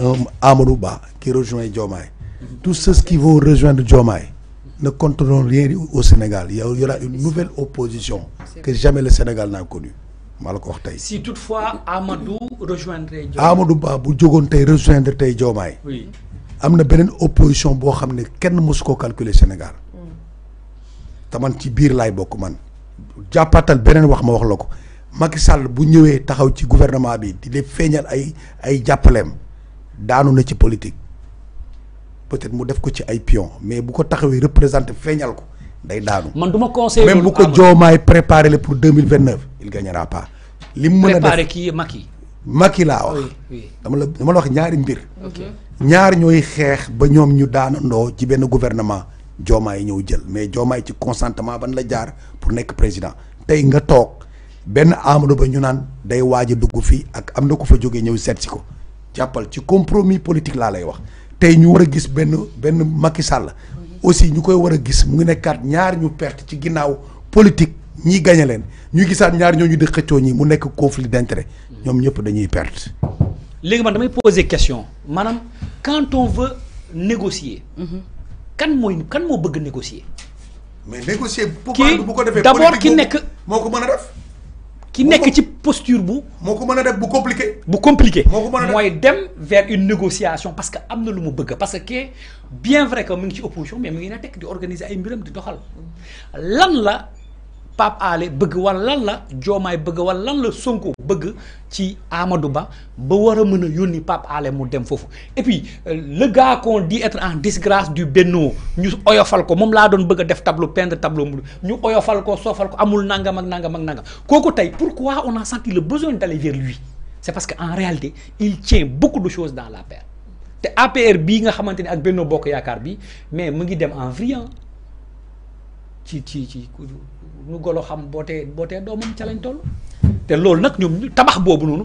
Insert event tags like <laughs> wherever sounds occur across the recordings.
Euh, Amadou Ba qui rejoint Diomaye. Tous ceux qui vont rejoindre Diomaye ne contrôleront rien au Sénégal. Il y aura une nouvelle opposition que jamais le Sénégal n'a connue. si toutefois Amadou rejoindrait Diomaye. Amadou Ba bu jógoon tey rejoindre Tay Diomaye. oui am na opposition boo xam ne kenn mosu calculer Sénégal. Mm. te man ci biir laay bokk man. jàppatal beneen wax ma wax la ko Macky Sall bu ñëwee taxaw ci gouvernement bi di leen feeñal ay ay daanu na ci politique peut-être mu def ko ci ay pion mais bu ko taxawee représenté feeñal ko day daanu. man du ma conseillé même bu ko joomaay préparé le pour deux mille vingt neuf il gagnera pas. li mu mën a def préparé kii Macky. Macky laa wax. dama la dama la wax ñaari mbir. ñaar ñooy xeex ba ñoom ñu daanandoo ci benn gouvernement joomaay ñëw jël mais joomaay ci consentement ban la jaar pour nekk président tey nga toog benn Amadou Ba ñu naan day waaj a dugg fii ak am na ko fa jógee ñëw seet si ko. jàppal ci compromis politique laa lay wax tey ñu war a gis benn benn Macky Sall aussi ñu koy war a gis mu ngi nekkaat ñaar ñu perte ci ginnaaw politique ñi gañe leen ñu gisaat ñaar ñu di xëccoo ñi mu nekk conflit d'intérêt ñoom ñëpp dañuy perte. léegi man damay poser question maanaam quand on veut négocier. kan mooy kan moo bëgg négocier. mais négocier. bu ko defee politique d'abord ki nekk moo ko mën a def. ki nekk ci. posture bu. moko meuna def bu compliqué. bu compliqué moo ko mën dem vers une négociation parce que amna lu mu bëgg parce que bien vrai que mu ngi ci opposition mais mu ngi na tek di organiser ay mbiram di doxal lan la. Pape Alé bëgg wala lan la jomay bëgg wala lan la Sonko bëgg ci Amadou Ba ba wara mëna yoni Pape Alé mu dem fofu et puis euh, le gars qu'on dit être en disgrâce du Benno ñu oyofal ko mom la doon bëgg def tableau peindre tableau mu ñu oyofal ko sofal ko amul nangam ak nangam ak nangam kooku tay pourquoi on a senti le besoin d'aller vers lui c'est parce que en réalité il tient beaucoup de choses dans paire te APR bi nga xamanteni ak Benno Bokk Yaakaar bi mais mu ngi dem en vriant ci ci ci nu golo xam boté do mom ca lañ toll té lool nak ñom tabax bobu nonu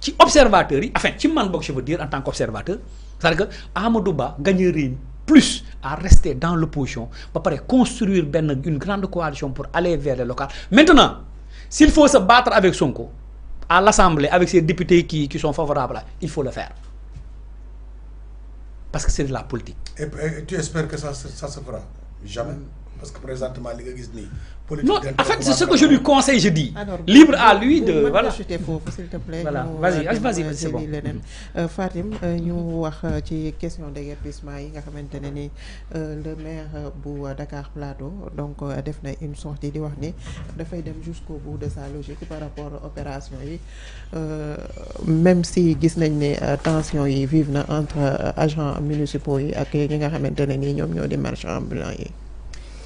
ci observateurs enfin ci man je veux dire en tant qu'observateur c'est-à-dire que Amadou Ba gagnerait plus à rester dans l'opposition ba pare construire une grande coalition pour aller vers les local. maintenant s'il faut se battre avec Sonko à l'Assemblée avec ses députés qui qui sont favorables il faut le faire parce que c'est de la politique. Et, tu espères que ça ça se fera jamais. Parce que présentement, les gars disent Non, en fait, c'est ce que je lui conseille, je dis. Alors, Libre à lui de. Voilà. Je s'il te plaît. Voilà. Vas-y, vas-y, vas-y, c'est bon. Euh, Fatim, nous avons une question de guerpissement. Euh, le maire de euh, Dakar Plateau, donc, a fait une sortie de Warné, de faire jusqu'au bout de sa logique par rapport à l'opération. Même si la tension vive entre agents municipaux et les marchands ambulants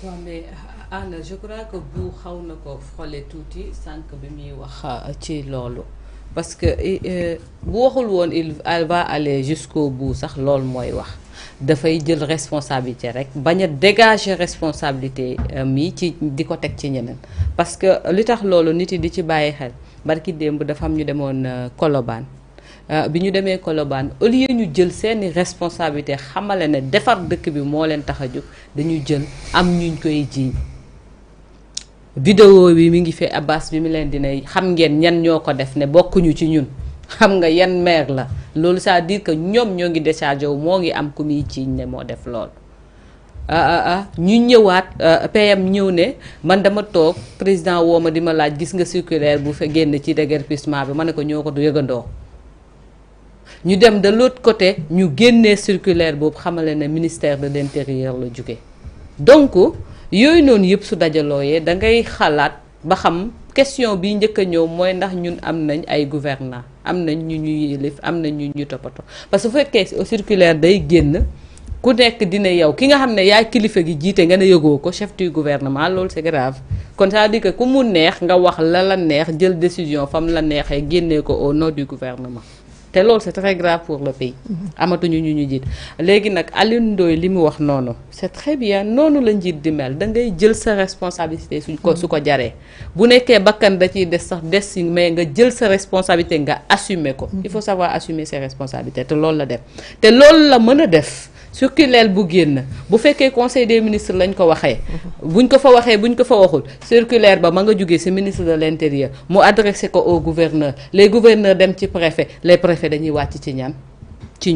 waaw mais Anna je crois que bu xaw na ko xole tuuti sànq bi muy wax ah, ci loolu parce que bu e, waxul woon il va aller jusqu'au bout sax loolu moy wax da fay jël responsabilité rek baña dégager responsabilité euh, mi ci diko tek ci ñeneen parce que li tax loolu nit yi di ci bàyyi xel barki demb dafa am ñu demoon euh, Colobane Euh, bi ñu demee Colobane au ñu jël seeni responsabilité xamale ne defar dëkk bi moo leen tax a jóg dañu jël am ñuñ koy jiiñ vidéo bi mi ngi fi Abbas bi mu leen dina xam ngeen ñan ñoo ko def ne bokkuñu ci ñun xam nga yan maire la loolu c'est-à-dire que ñoom ñoo ngi déchargé wu moo ngi am ku muy jiiñ ne moo def loolu ah, ah, ah, ñu ñëwaat euh, PM ñëw ne man dama toog président woo ma di ma laaj gis nga circulaire bu fe génn ci déguerpissement bi ma ne ko ñoo ko du yëgandoo ñu dem de l'autre côté ñu génnee circulaire bob xamalé ne ministère de l'intérieur la jóge donc yoy non yépp su dajaloyé da ngay xalaat ba xam question bi njëkk a ñëw mooy ndax ñun am nañ ay gouvernants am nañ ñu ñuy yilif am nañ ñu ñu toppatoo parce que bu fekkee circulaire day génn ku nekk dina yow ki nga xamné ne yaa kilifa gi jiite nga ne yëgoo ko chef du gouvernement loolu c'est grave kon ça dit que ku mu neex nga wax la la neex jël décision fam la neexee génnee ko au nom du gouvernement té lool c'est très grave pour le pays. Mhm. amatuñu ñu ñu jitt légui nak Alioune ndoy limi wax nono. c'est très bien noonu la njiit di mel da ngay jël sa responsabilité suñ ko mhm. su ko jaree bu nekké bakkan da ci des sax des mais nga jël sa responsabilité nga assumer ko. Mhm. il faut savoir assumer ses responsabilités té lool la def té lool la mëna def circulaire bu génn bu le conseil des ministres lañ ko waxee buñ ko fa waxee buñ ko fa waxul circulaire ba ma nga ministre de l'intérieur mu adressé au gouverneur les gouverneurs dem ci préfet les préfets de wàcc ci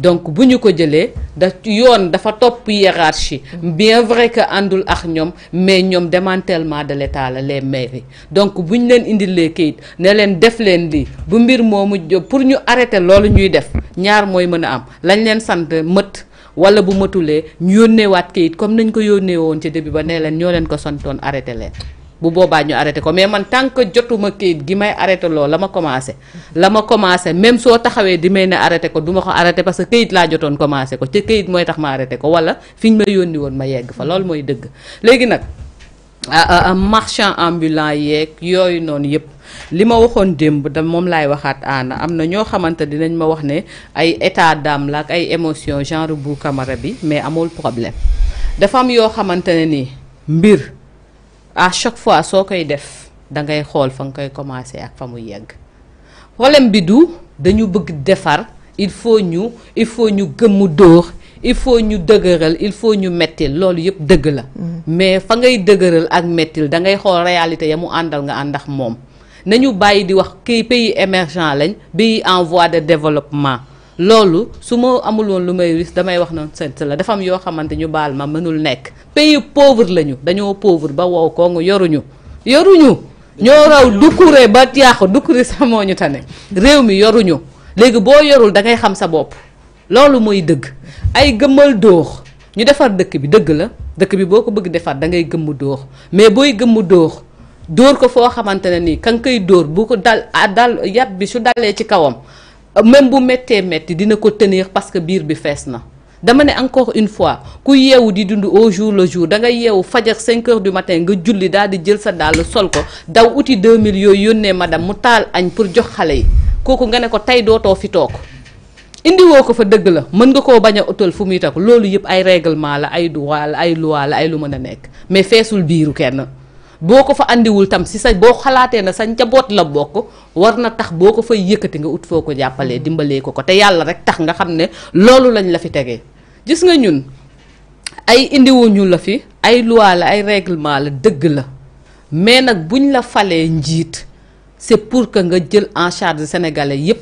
donc bu ñu ko jëlee da yoon dafa topp hiérarchie mm-hmm. bien vrai que àndul ak ñoom mais ñoom démantèlement de l'état la les mairies donc bu ñu leen indilee kayit ne leen def leen lii bu mbir moo moomu pour ñu arrêter loolu ñuy def ñaar mooy mën a am lañ leen sant mët wala bu mëtulee ñu yónneewaat kayit comme nañ ko yónnee woon ci début ba nee leen ñoo leen ko santoon arrêté leen bu boobaa ñu arrêté ko mais man tant que jotuma kayit gi may arrêté loolu la ma commencé. la ma commencé même soo taxawee di may ne arrêté ko duma ko arrêté parce que kayit laa jotoon commencé ko ci kayit mooy tax ma arrêté ko wala fi ñu ma yónni woon ma yegg fa loolu mooy dëgg léegi nag ah, ah, ah, marchand ambulant yeeg yooyu noonu yëpp. li ma waxoon démb da moom laay waxaat aana am na ñoo xamante dinañ ma wax ne ay état d'âme la ak ay émotion genre bu camara bi mais amul problème dafa am yoo xamante ne ni mbir à chaque fois que def da ngay xol fa ngay ak famu yegg problème bi du dañu bëgg il faut ñu il faut ñu il faut ñu dëgeural il faut ñu mettil loolu yëpp dëgg la mm-hmm. mais fa ngay dëgeural ak mettil da ngay réalité ya mu nga andax moom nañu bàyyi di wax pays émergent lañ pays en voie de développement loolu su ma amul lu may risque damay wax na sant la dafa am yoo xamante ñu baal ma mënul nekk pays pauvre lañu dañoo pauvre ba wow kooku yoruñu yoruñu. ñoo raw dukkure ba yàqu dukkure sax moo ñu tane réew mi yoruñu léegi boo yorul da ngay xam sa bopp loolu mooy dëgg ay gëmmal dóor ñu defar dëkk bi dëgg la dëkk bi boo ko bëgg defar da ngay gëmm dóor mais booy gëmm dóor dóor ko foo xamante ne nii ka nga koy dóor bu ko dal ah, dal yat bi su dalee ci kawam même bu méttee métti dina ko tenir parce que biir bi fees na dama ne encore une fois ku yeewu di dund au jour le jour da nga yeewu fajar 5 heures du matin nga julli daal di jël sa dàll sol ko daw uti 2000 yooyu yónnee ma madame mu taal añ pour jox xale yi kooku nga ne ko tey dootoo fi toog indiwoo ko fa dëgg la mën nga koo bañ a utal fu muy takk loolu yëpp ay réglement la ay droit la ay loi la ay lu mën a nekk mais feesul biiru kenn. boo ko fa indiwul tam si sa boo xalaatee na sa njaboot la bokk war na tax boo ko fay yëkkati nga ut foo ko jàppalee mm. dimbalee ko ko te yàlla rek tax nga xam ne loolu lañ la fi tegee gis nga ñun ay indiwuñu la fi ay loi ay réglement la dëgg la mais nag buñ la falee njiit c'est pour que nga jël en charge sénégalais yépp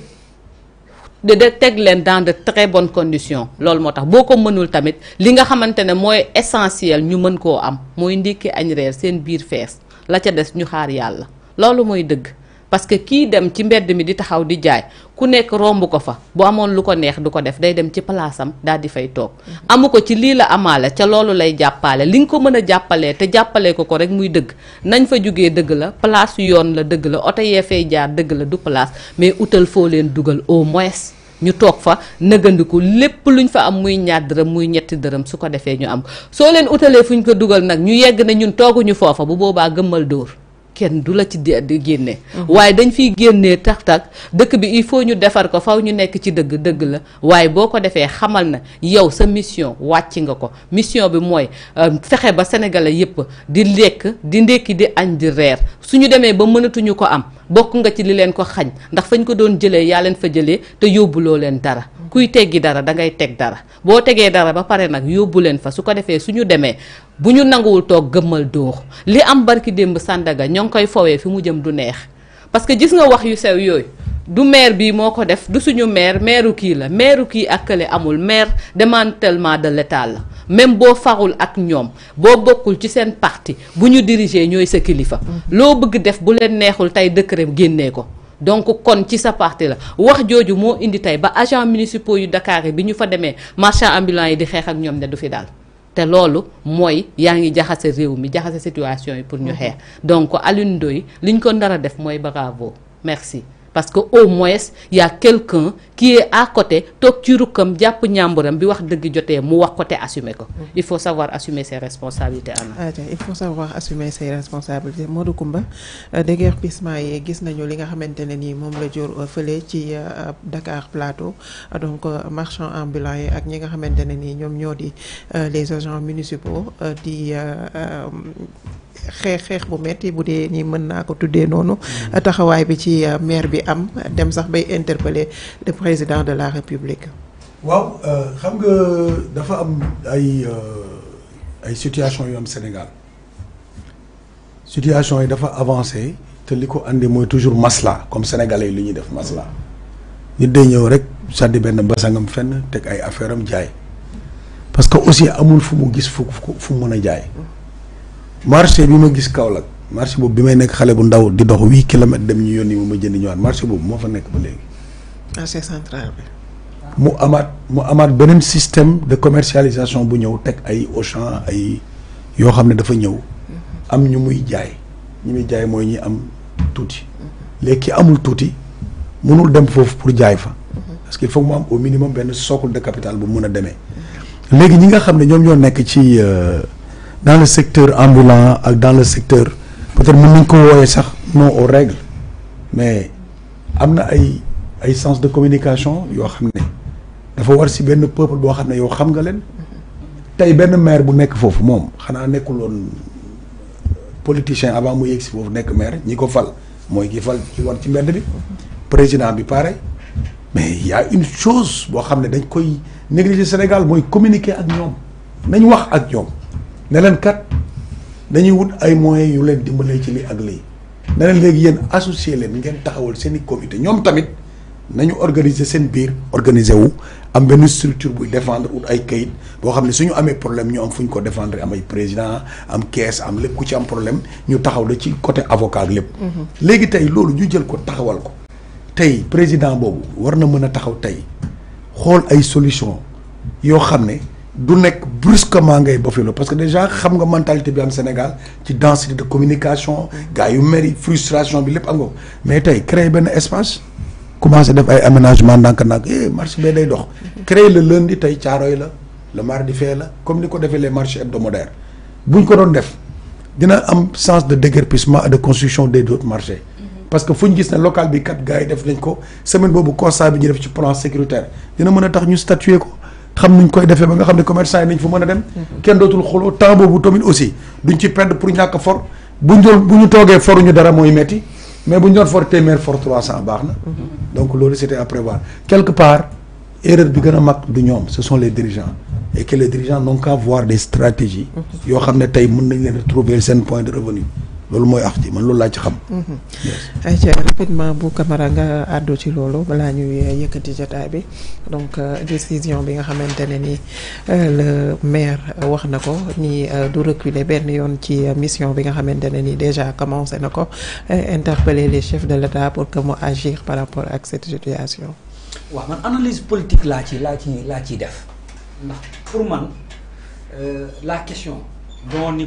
de de teg dans de très bonnes conditions loolu moo beaucoup boo mënul tamit li nga essentiel ñu mën koo am mooy ndékki añ reer seen biir la ca des ñu xaar yàlla loolu dëgg parce que qui dem ci mbedd mi di taxaw Kunek jaay ku nekk romb ko fa bu amoon lu neex du ko def day dem ci daal fay mm-hmm. amu ko ci la amaale ca loolu lay jàppale li nga te jàppalee ko ko rek muy dëgg nañ fa jógee dëgg la place yoon la dëgg la oto yee fay la du place mais utal foo dugal au moins ñu toog fa nëgandiku lépp luñ fa am muy ñaar dërëm muy ñetti dërëm su ko defee ñu am soo leen utalee fuñ ko dugal nag ñu yegg ne ñun tooguñu foofa bu boobaa gëmmal dóor kenn du la ci di génne mhm. waaye dañ fiy génnee tax tax dëkk bi il faut ñu defar ko faw ñu nekk ci dëgg dëgg la waaye boo ko defee xamal na yow sa mission wàcc nga ko mission bi mooy euh, fexe ba sénégalais yépp di lekk di ndekki di añ di reer suñu demee ba mënatuñu ko am bokk nga ci li leen ko xañ ndax fañ ko doon jëlee yaa leen fa jëlee te yóbbuloo leen dara kuy teggi dara da ngay teg dara boo tegee dara ba pare nag yóbbu leen fa su ko defee suñu demee bu ñu nanguwul toog gëmmal dóor li am barki démb Sandaga ñoo ngi koy fowee fi mu jëm du neex parce que gis nga wax yu sew yooyu du maire bii moo ko def du suñu maire maireu kii la maireu kii ak kële amul maire demantellement de l'État la même boo farul ak ñoom boo bokkul ci seen parti bu ñu diriger ñooy sa kilifa. Mm. loo bëgg def bu leen neexul tey décret génnee ko. donc kon ci sa parti la wax mo indi tay ba agent municipaux yu Dakar marchand ambulant yi di ak du fi dal té lolu moy yaangi jaxassé réew mi situation pour ñu mhm. donc à doy def que bravo merci parce que au moins y a quelqu'un qui est à côté toog ci rukkam jàpp ñàmburam bi wax dëgg jotee mu wax ko assumer ko. Mhm. il faut savoir assumer ses responsabilités Anna. Ah, il faut savoir assumer ses responsabilités Modou Kumba, euh, déguerpissement yi gis nañu li nga xamante ne nii moom la jur euh, fële ci euh, Dakar Plateau donc marchand ambulant et ak ñi nga xamante ne nii les agents municipaux di. xex xex bu metti bu dee ni mën naa ko tuddee noonu mhm. taxawaay bi ci maire bi am dem sax bay interpeller président de la république waaw euh, xam nga dafa am ay euh, ay situation yom Sénégal situation yi dafa avancé te li ko andi toujours masla comme sénégalais yi lu def masla Ni day ñëw rek sànni benn basangam fenn tek ay affaiream am parce que aussi amul fumu gis fu fu mu mën a marché bi ma gis Kaolack marché boobu bi may nekk xale bu ndaw di dox huit kilomètres dem ñu yónni ma ma jëndi ñëwaat marché boobu moo fa ba marché ah, central bi. mu amaat mu amaat beneen système de commercialisation bu ñëw teg ay Auchan ay yoo xam ne dafa ñëw mhm. am ñu muy jaay ñu muy jaay mooy ñi am tuuti léegi ki amul tuuti mënul dem foofu pour jaay fa mhm. parce que il faut mu am au minimum benn socle de capital bu mun a demee léegi ñi nga xam ne ñoom ñoo nekk ci euh, dans le secteur ambulant ak dans le secteur peut-être mën nañ ko wooyee sax non aux règles mais am na ay ay sens de communication yo xamné dafa war ci ben peuple bo xamné yo xam nga len tay ben maire bu nek fofu mom xana nekkul woon politicien avant mu yegg si foofu nekk maire ñi ko fal moy ki fal ci woon ci mbedd bi président bi pareil mais il y a une chose bo xamné dañ koy négliger Sénégal moy communiquer ak ñom nañ wax ak ñom ne leen kat dañuy wut ay moyens yu leen dimbalé ci li ak li ne leen léegi yéen associé leen ngeen taxawal seen comité ñom tamit nañu organiser sen bir organiser wu am ben structure bu défendre ou ay kayit bo xamné suñu amé problème ñu am fuñ ko défendre am ay président am caisse am lépp ku ci am problème ñu taxaw la ci côté avocat ak lépp. Mhm. léegi tey loolu ñu jël ko taxawal ko. tay président bobu warna mëna taxaw tay xol ay solution yo xamné du nek brusquement ngay bofelo parce que déjà xam nga mentalité bi am Sénégal ci densité de communication. Mhm. gars yu meri frustration bi lépp am nga mais tay créer ben espace commencé à faire aménagement aménagements dans eh marché créer le lundi le mardi comme ni ko les marchés hebdomadaires buñ ko il y dina un sens de déguerpissement et de construction des autres marchés. parce que si local bi 4 gars def nañ la semaine où constat bi ñu def plan sécuritaire dina a tax statuer ko xam a aussi duñ ci perdre pour mais si vous doon for un fort 300 barres. donc c'était à prévoir quelque part ce sont les dirigeants et que les dirigeants n'ont qu'à voir des stratégies. Ils ont trouvé un point de revenu lolu moy ax man lolu la ci xam. Mhm. ay ci rapidement bu Camara nga addo ci lolu bala ñu yëkëti jotaay bi donc euh, décision bi nga xamantene ni euh, le maire wax nako ni euh, du reculer ben yoon ci mission bi nga xamantene ni déjà commencé nako interpeller les chefs de l'État pour que mu agir par rapport à cette situation. waaw man analyse politique la ci la ci la ci def ndax pour man la question dont ni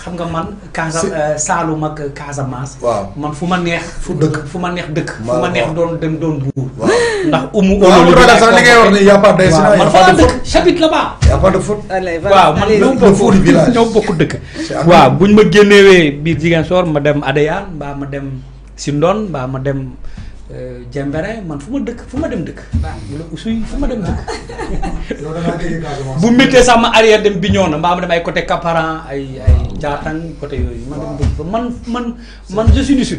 xam nga man. Casa euh, Saalum ak Casamance. waaw man fu ma neex. fu dëkk fu ma neex dëkk. fu ma neex doon dem doon buur. ndax umu. oloolu bi sax li ngay wax ni y' a pas de. waaw man fa la dëkk j'habite là a pas de faute. waaw man ñoo bokk ñoo bokk dëkk. waaw buñ ma génnewee biir Ziguinchor ma dem Adéane mbaa ma dem Sindone mbaa ma dem. Jembere euh, man fu ma dëkk fu ma dem dëkk. fu ma dem dëkk. <laughs> bu méttee sax ma arrière dem Bignona mbaa ma dem ay côté Kaparan ay ay Jaatang ah. côté yooyu. ma dem dëkk fa man man man je suis du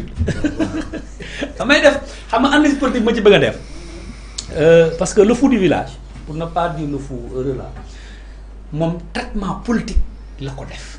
<laughs> damay def xam nga analyse politique ma ci bëgg a def euh, parce que le fou village pour ne pas dire le fou heureux moom traitement politique la ko def.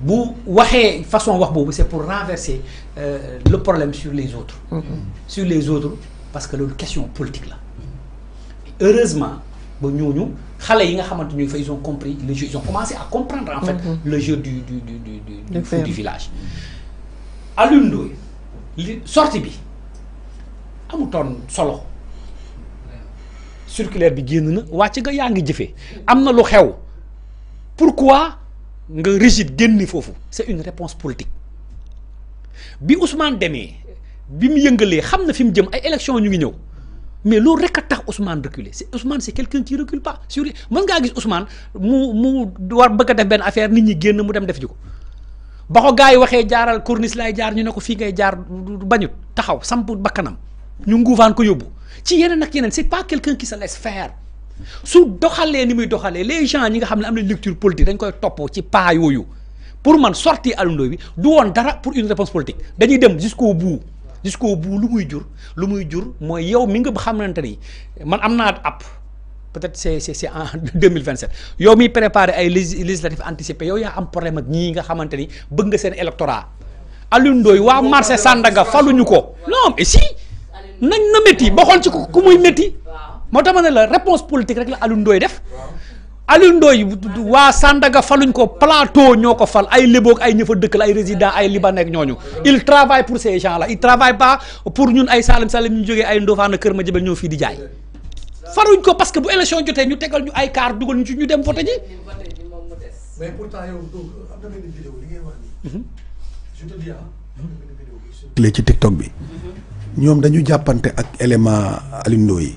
bu waxee façon wax boobu c'est pour renverser euh, le problème sur les autres mm-hmm. sur les autres parce que loolu question politique la heureusement ba ñooñu xale yi nga xamante ñu fa ils ont compris le jeu ils ont commencé à comprendre en fait mm-hmm. le jeu du du du du du du village Alioune Ndoye li sortie bi amutoon solo circulaire bi génn na wàcc nga yaa ngi jëfee am na lu xew pourquoi nga rigide génn fofu c'est une réponse politique bi Ousmane demee bi mu yëngalee xamna na jëm ay élections ñu ngi ñëw mais lo rek a tax Ousmane reculer c'est Ousmane c'est quelqu'un qui recule pas sur mën ngaa gis Ousmane mu mu war bëgg def ben affaire nit ñi génn mu dem def jiko ko ba waxé jaaral corniche lay jaar ñu nako ko ngay jaar bañut taxaw samp bakkanam ñu nguufaan ko yóbbu ci yeneen ak yeneen c'est pas quelqu'un qui se laisse faire. su doxale ni muy doxale les gens ñi nga xamne ne am na lecture politique dañ koy topo ci pa yoyu pour man sorti Alioune Ndoye bi du won dara pour une réponse politique dañuy dem jusqu'au bout jusqu'au bout lu muy jur lu muy jur moy yow mi nga xamante man amna app peut-être c'est c'est c'est en 2027 <laughs> yow mi préparer ay législatif anticipé yow ya am problème ak ñi nga xamanteni bëgg nga seen électorat Alioune wa marché Sandaga faluñu ko non mais si nañ na metti bokkoon ci ku muy metti moo tax ma ne la réponse politique rek la Alioune Ndoye def Alioune Ndoye waa Sandaga faluñ ko palaato ñoo ko fal ay léboog ay ñëfa dëkk la ay résident ay libanais ñooñu il travaille pour ces la là il travaille pas pour ñun ay Salim Salim ñu jógee ay Ndofane Kër ma Madiabel ñoo fii di jaay faruñ ko parce que bu élection jotee ñu tegal ñu ay kaar dugal ñu ci ñu dem vote ji mais pourtant mhm. ah, ci TikTok bi mhm. ñoom dañu jàppante ak élément Alioune yi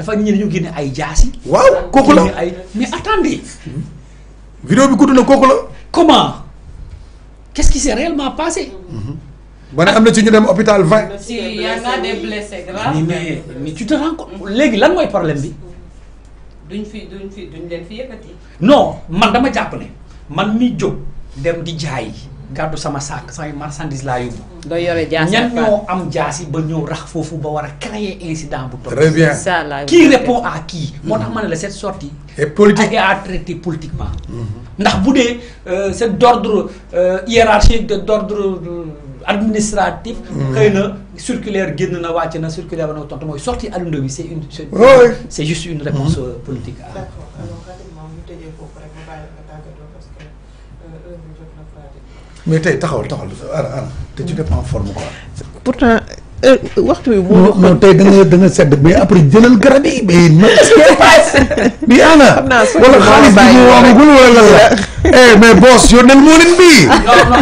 dafa ñii ñu génne ay jaasi. waaw kooku la ay mais attendez. Hmm. vidéo bi gudd na kooku la. comment qu'est-ce qui s'est réellement passé. Hmm. ba ne am na ci ñu dem hôpital vingt. si y en a des blessés graves. mais mais tu te rends compte léegi lan mooy problème bi. duñ fi duñ fi duñ leen fi yëkkati. non man dama jàpp ne man mi jóg dem di jaay. gàddu sama saak samay marchandise laa yóbbu. nga yore jaasi ñan ñoo am ba ñëw rax foofu ba war a créer incident bu toll. très bien à qui. moo tax ma ne la cette sortie. est politique à traiter politiquement. Mm-hmm. ndax bu dee euh, c'est d'ordre euh, hiérarchique de d'ordre euh, administratif. Mm-hmm. xëy na circulaire génn na wàcc na circulaire ba na tontu mooy sortie Alioune Ndoye bi c'est une. c'est une réponse mm-hmm. politique. d'accord mais tey taxawal taxawal ana ana te tu n'es pas en forme quoi. pourtant euh, waxtu bi. moo non tey da nga da nga sedd mais après jëlal garab yi mais non. bi <laughs> ana. wala xaalis bi ñu woomagul wala la. <laughs> eh mais boss yónneel moo leen bii.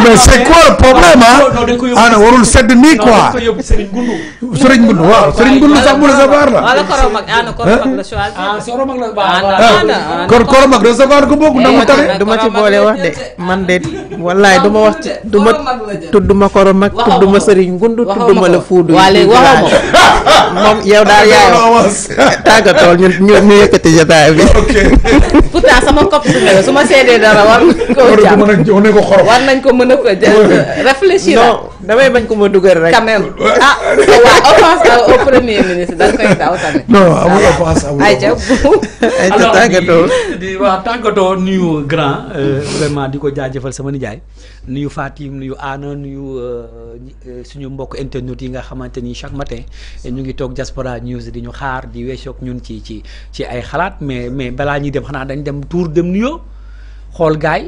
mais c'est quoi le problème ah. ana warul sedd nii quoi. Serigne Goundou. Serigne Goundou waaw Serigne Goundou sax mu recevoir la. wala Korom ak ana Korom ak la choisir. ah Korom ak la waaw waaw. kon Korom ak recevoir ko bokk na mu tane. duma ci boole wax de man de. wallaay du ma wax ci du ma tudduma koro mag tudduma sëriñ ngundu tudduma la fuudu waa léegi waxoo ma moom yow daal yaay tàggatool ñu ñu ñu yëkkati jotaay bi pourtant sama cop su su ma seedee dara war nañ ko jàpp war nañ ko mën a ko réfléchir damay bañ ko ma dugal rek. quand même ah waaw offense au premier ministre da koy daw tamit. non amul offense amul alors tàggatoo di waaw tàggatoo nuyu grand euh, vraiment di ko jaajëfal sama nijaay nuyu Fatim nuyu Anna nuyu euh, euh, suñu mbokk internet yi nga xamante ni chaque matin ñu ngi toog Diaspora News di ñu xaar di weesoog ñun ci ci ci ay xalaat mais mais balaa ñuy dem xanaa dañ dem tour dem nuyoo. xool gaay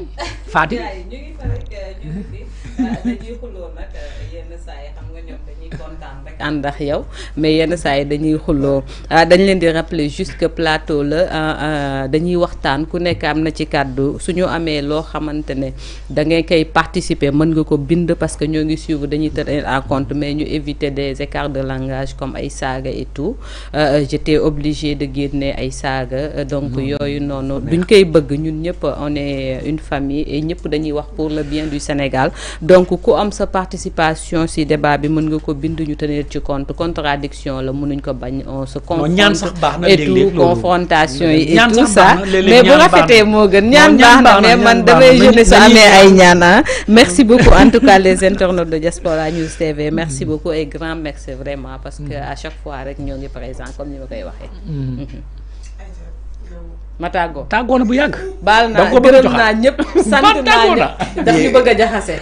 Faty ñu ngi fa rek euh, ñu ngi fi dañuy xuloo nag euh, yenn saa xam nga ñoom dañuy kontaan rek ànd ak yow mais yenn saay dañuy xuloo ah, dañ leen di rappeler juste que plateau la ah, ah, dañuy waxtaan ku nekk am na ci kàddu suñu amee loo xamante ne da ngay koy participer mën nga ko bind parce que ñoo ngi suivre dañuy tenir en compte mais ñu éviter des écarts de langage comme ay saaga et tout j'étais obligé de génne ay saaga donc yooyu noonu duñ koy bëgg ñun ñëpp on est une famille et ñëpp dañuy wax pour le bien du Sénégal donc ku am sa participation ci débat bi mën nga ko bind ñu tenir ci compte contradiction la mënuñ ko bañ on se confronte et tout confrontation et tout ça mais bu rafété mo gën ñaan baax mais man ay merci beaucoup en tout cas <laughs> les internautes de Diaspora News TV merci mm-hmm. beaucoup et grand merci vraiment parce que à chaque fois rek ñoo ngi présent comme ni ma tàggoo tàggoo bu yàgg. baal naa gërëm naa ñëpp bëgg a jaxase.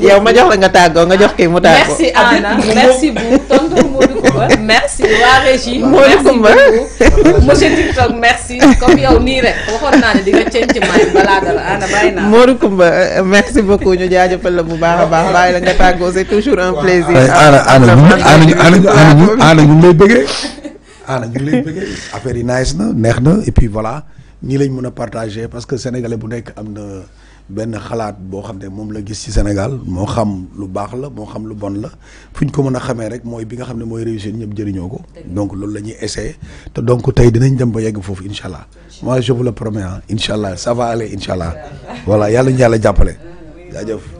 yow ma jox nga tàggoo nga jox kii mu tàggoo. merci Anna merci beaucoup tonton Modou merci comme yow nii rek waxoon naa ne di nga balaa dara Anna bàyyi naa. Modou Coumba merci beaucoup ñu jaajëfal la bu baax a baax bàyyi la nga tàggoo c'est toujours un plaisir. Anna Anna ñu Anna ñu Anna ñu Anna ñu lay bëggee. ana ah, ñu lay affaire yi nice na neex na et puis voilà ni lañ mën a partager parce que sénégalais bu nekk am na benn xalaat boo xam ne moom la gis ci Sénégal moo xam lu baax la moo xam lu bon la fuñ ko mën a xamee rek mooy bi nga xam ne mooy réussir ñëpp jëriñoo ko. donc loolu la ñuy essayer te donc tey dinañ dem ba yegg foofu incha allah. moi je vous le promets ah hein. incha allah ça va aller incha allah. voilà yàlla ñu yàlla jàppale. Ah, jaajëf.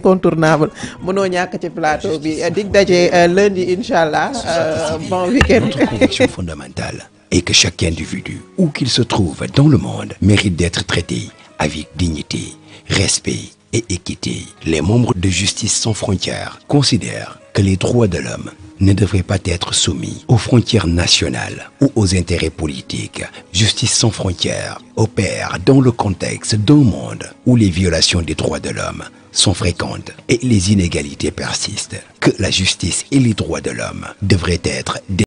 incontournable mënoo ci plateau bi dig euh, lundi euh, bon week-end. conviction fondamentale est que chaque individu où qu'il se trouve dans le monde mérite d'être traité avec dignité respect et équité les membres de Justice sans frontières considèrent que les droits de l'homme ne devraient pas être soumis aux frontières nationales ou aux intérêts politiques. Justice sans frontières opère dans le contexte d'un monde où les violations des droits de l'homme sont fréquentes et les inégalités persistent, que la justice et les droits de l'homme devraient être des